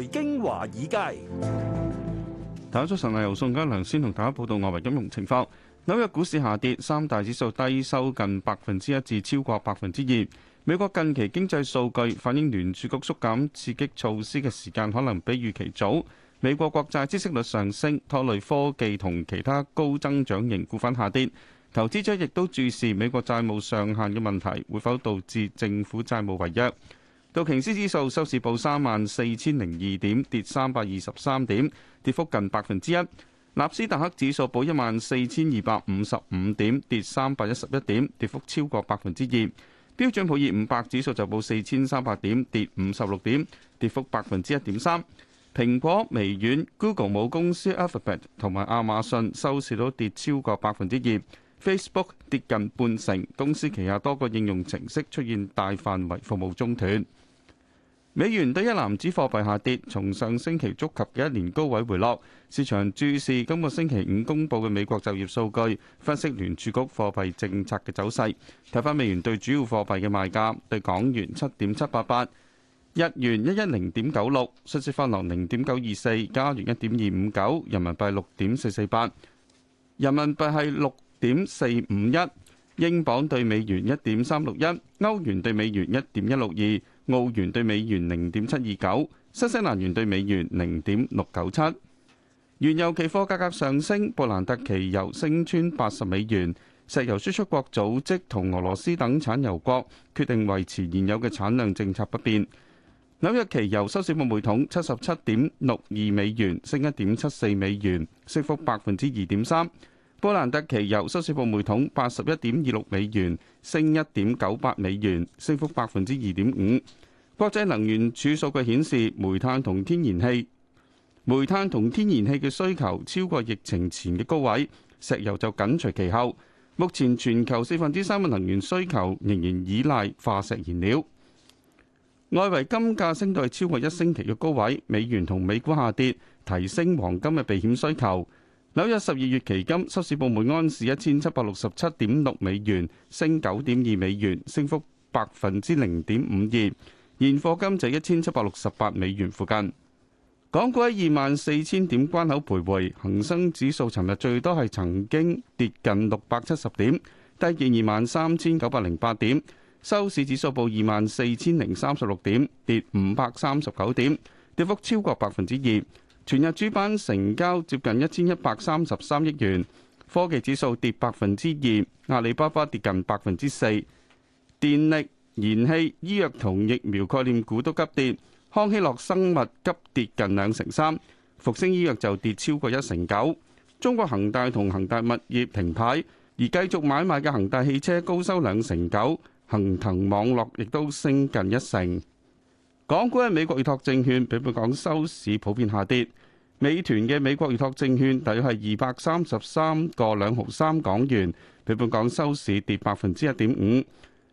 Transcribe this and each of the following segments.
財經華爾街，大家早晨。由宋嘉良先同大家報道外圍金融情況。紐約股市下跌，三大指數低收近百分之一至超過百分之二。美國近期經濟數據反映聯儲局縮減刺激措施嘅時間可能比預期早。美國國債孳息率上升，拖累科技同其他高增長型股份下跌。投資者亦都注視美國債務上限嘅問題，會否導致政府債務違約？道瓊斯指數收市報三萬四千零二點，跌三百二十三點，跌幅近百分之一。納斯達克指數報一萬四千二百五十五點，跌三百一十一點，跌幅超過百分之二。標準普爾五百指數就報四千三百點，跌五十六點，跌幅百分之一點三。蘋果、微軟、Google 母公司 Alphabet 同埋亞馬遜收市都跌超過百分之二，Facebook 跌近半成，公司旗下多個應用程式出現大範圍服務中斷。美元對一籃子貨幣下跌，從上星期觸及嘅一年高位回落。市場注視今個星期五公布嘅美國就業數據，分析聯儲局貨幣政策嘅走勢。睇返美元對主要貨幣嘅賣價：對港元七點七八八，日元一一零點九六，瑞士法郎零點九二四，加元一點二五九，人民幣六點四四八，人民幣係六點四五一，英鎊對美元一點三六一，歐元對美元一點一六二。.澳元兌美元零點七二九，新西蘭元兌美元零點六九七。原油期貨價格上升，布蘭特期油升穿八十美元。石油輸出國組織同俄羅斯等產油國決定維持現有嘅產量政策不變，紐約期油收市報每桶七十七點六二美元，升一點七四美元，升幅百分之二點三。波蘭特期油收市報每桶八十一點二六美元，升一點九八美元，升幅百分之二點五。國際能源署數據顯示，煤炭同天然氣，煤炭同天然氣嘅需求超過疫情前嘅高位，石油就緊隨其後。目前全球四分之三嘅能源需求仍然依賴化石燃料。外圍金價升到超過一星期嘅高位，美元同美股下跌，提升黃金嘅避險需求。紐約十二月期金收市部門安市一千七百六十七點六美元，升九點二美元，升幅百分之零點五二。現貨金就一千七百六十八美元附近。港股喺二萬四千點關口徘徊，恒生指數尋日最多係曾經跌近六百七十點，低見二萬三千九百零八點，收市指數報二萬四千零三十六點，跌五百三十九點，跌幅超過百分之二。全日主板成交接近一千一百三十三億元，科技指數跌百分之二，阿里巴巴跌近百分之四，電力、燃氣、醫藥同疫苗概念股都急跌，康希諾生物急跌近兩成三，復星醫藥就跌超過一成九，中國恒大同恒大物業停牌，而繼續買賣嘅恒大汽車高收兩成九，恒騰網絡亦都升近一成。港股嘅美國預託證券，比本港收市普遍下跌。美團嘅美國預託證券，大約係二百三十三個兩毫三港元，比本港收市跌百分之一點五。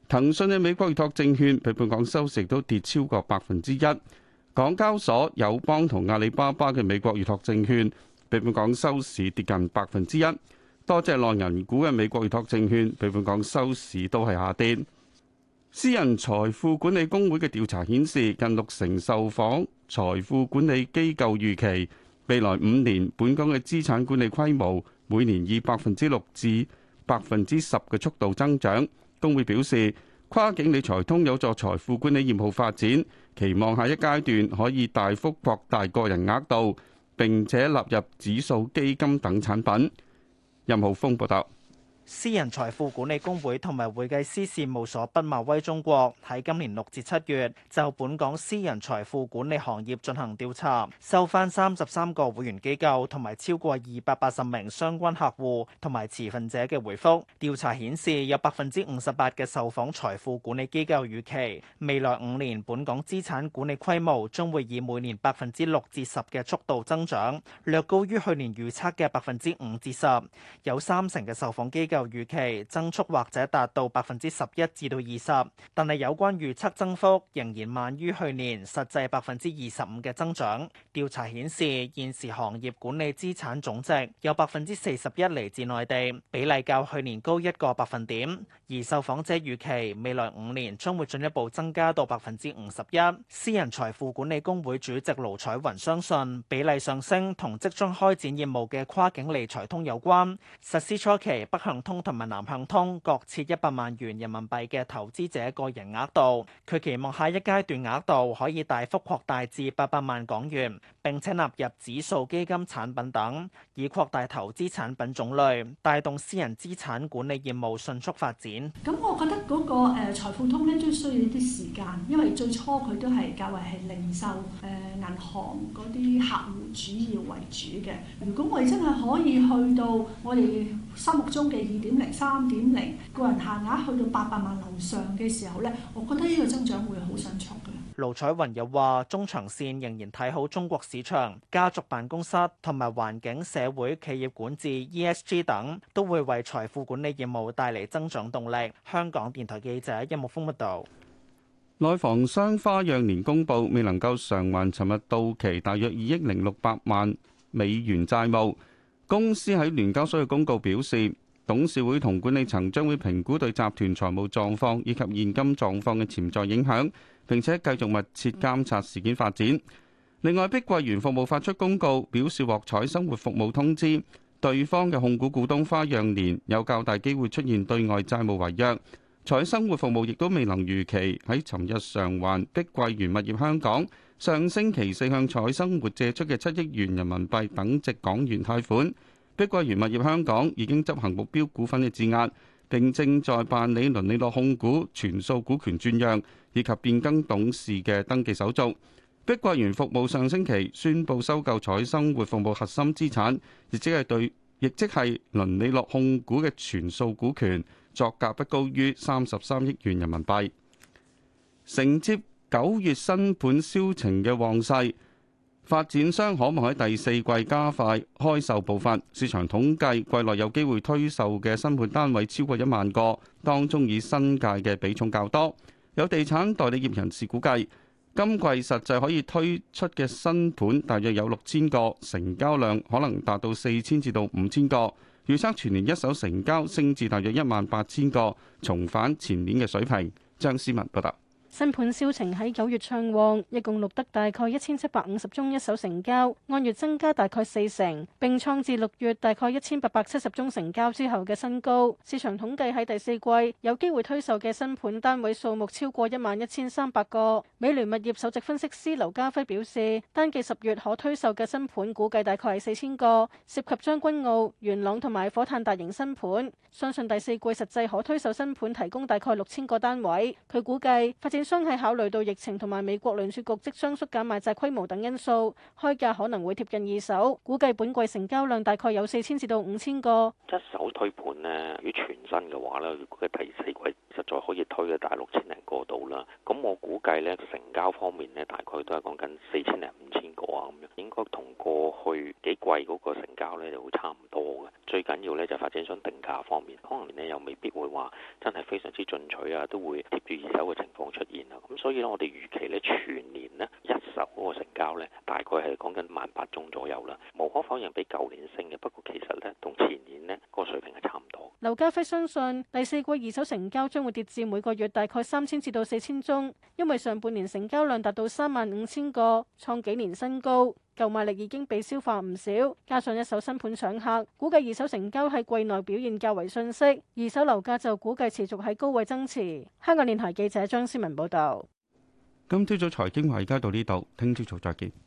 騰訊嘅美國預託證券，比本港收市亦都跌超過百分之一。港交所友邦同阿里巴巴嘅美國預託證券，比本港收市跌近百分之一。多隻內銀股嘅美國預託證券，比本港收市都係下跌。私人財富管理公會嘅調查顯示，近六成受訪財富管理機構預期未來五年本港嘅資產管理規模每年以百分之六至百分之十嘅速度增長，公會表示跨境理財通有助財富管理業務發展，期望下一階段可以大幅擴大個人額度，並且納入指數基金等產品。任浩峰報道。私人財富管理公會同埋會計師事務所畢馬威中國喺今年六至七月就本港私人財富管理行業進行調查，收翻三十三個會員機構同埋超過二百八十名相關客戶同埋持份者嘅回覆。調查顯示，有百分之五十八嘅受訪財富管理機構預期未來五年本港資產管理規模將會以每年百分之六至十嘅速度增長，略高於去年預測嘅百分之五至十。有三成嘅受訪機構，預期增速，或者達到百分之十一至到二十，但係有關預測增幅仍然慢於去年實際百分之二十五嘅增長。調查顯示，現時行業管理資產總值有百分之四十一嚟自內地，比例較去年高一個百分點。而受訪者預期未來五年將會進一步增加到百分之五十一。私人財富管理公會主席盧彩雲相信，比例上升同即將開展業務嘅跨境理財通有關。實施初期北向。通同埋南向通各設一百萬元人民幣嘅投資者個人額度，佢期望下一階段額度可以大幅擴大至八百萬港元，並且納入指數基金產品等，以擴大投資產品種類，帶動私人資產管理業務迅速發展。咁我覺得嗰個誒財富通咧都需要一啲時間，因為最初佢都係較為係零售誒、呃、銀行嗰啲客戶主要為主嘅。如果我哋真係可以去到我哋心目中嘅二點零、三點零個人限額去到八百萬樓上嘅時候呢，我覺得呢個增長會好迅速嘅。盧彩雲又話：中長線仍然睇好中國市場，家族辦公室同埋環境社會企業管治 （ESG） 等都會為財富管理業務帶嚟增長動力。香港電台記者一木豐蜜道：內房商花樣年公布未能夠償還尋日到期大約二億零六百萬美元債務。公司喺聯交所嘅公告表示，董事會同管理層將會評估對集團財務狀況以及現金狀況嘅潛在影響，並且繼續密切監察事件發展。另外，碧桂園服務發出公告表示獲彩生活服務通知，對方嘅控股股東花樣年有較大機會出現對外債務違約。彩生活服務亦都未能如期喺尋日償還碧桂園物業香港上星期四向彩生活借出嘅七億元人民幣等值港元貸款。碧桂園物業香港已經執行目標股份嘅質押，並正在辦理倫理樂控股全數股權轉讓以及變更董事嘅登記手續。碧桂園服務上星期宣布收購彩生活服務核心資產，亦即係對亦即係倫理樂控股嘅全數股權。作價不高於三十三億元人民幣，承接九月新盤銷情嘅旺勢，發展商可望喺第四季加快開售步伐。市場統計，季內有機會推售嘅新盤單位超過一萬個，當中以新界嘅比重較多。有地產代理業人士估計，今季實際可以推出嘅新盤大約有六千個，成交量可能達到四千至到五千個。預測全年一手成交升至大約一萬八千個，重返前年嘅水平。張思文報道。新盤銷情喺九月暢旺，一共錄得大概一千七百五十宗一手成交，按月增加大概四成，並創自六月大概一千八百七十宗成交之後嘅新高。市場統計喺第四季有機會推售嘅新盤單位數目超過一萬一千三百個。美聯物業首席分析師劉家輝表示，單計十月可推售嘅新盤估計大概係四千個，涉及將軍澳、元朗同埋火炭大型新盤。相信第四季實際可推售新盤提供大概六千個單位。佢估計發展商係考慮到疫情同埋美國聯儲局即將縮減買債規模等因素，開價可能會貼近二手，估計本季成交量大概有四千至到五千個。一手推盤呢。如果全新嘅話呢，如果第四季實在可以推嘅大六千零個度啦。咁我估計呢成交方面呢，大概都係講緊四千零五千個啊，咁樣應該同過去幾季嗰個成交呢，就會差唔多嘅。最緊要咧就發展商定價方面，可能你又未必會話真係非常之進取啊，都會貼住二手嘅情況出現啦、啊。咁所以咧，我哋預期咧全年咧一手嗰個成交咧，大概係講緊萬八宗左右啦。無可否認，比舊年升嘅，不過其實咧同前年咧、個水平係差唔多。劉家輝相信第四季二手成交將會跌至每個月大概三千至到四千宗，因為上半年成交量達到三萬五千個，創幾年新高，購買力已經被消化唔少，加上一手新盤搶客，估計二手成交喺季內表現較為遜色，二手樓價就估計持續喺高位增持。香港電台記者張思文報道。今朝早財經華而家到呢度，聽朝早再見。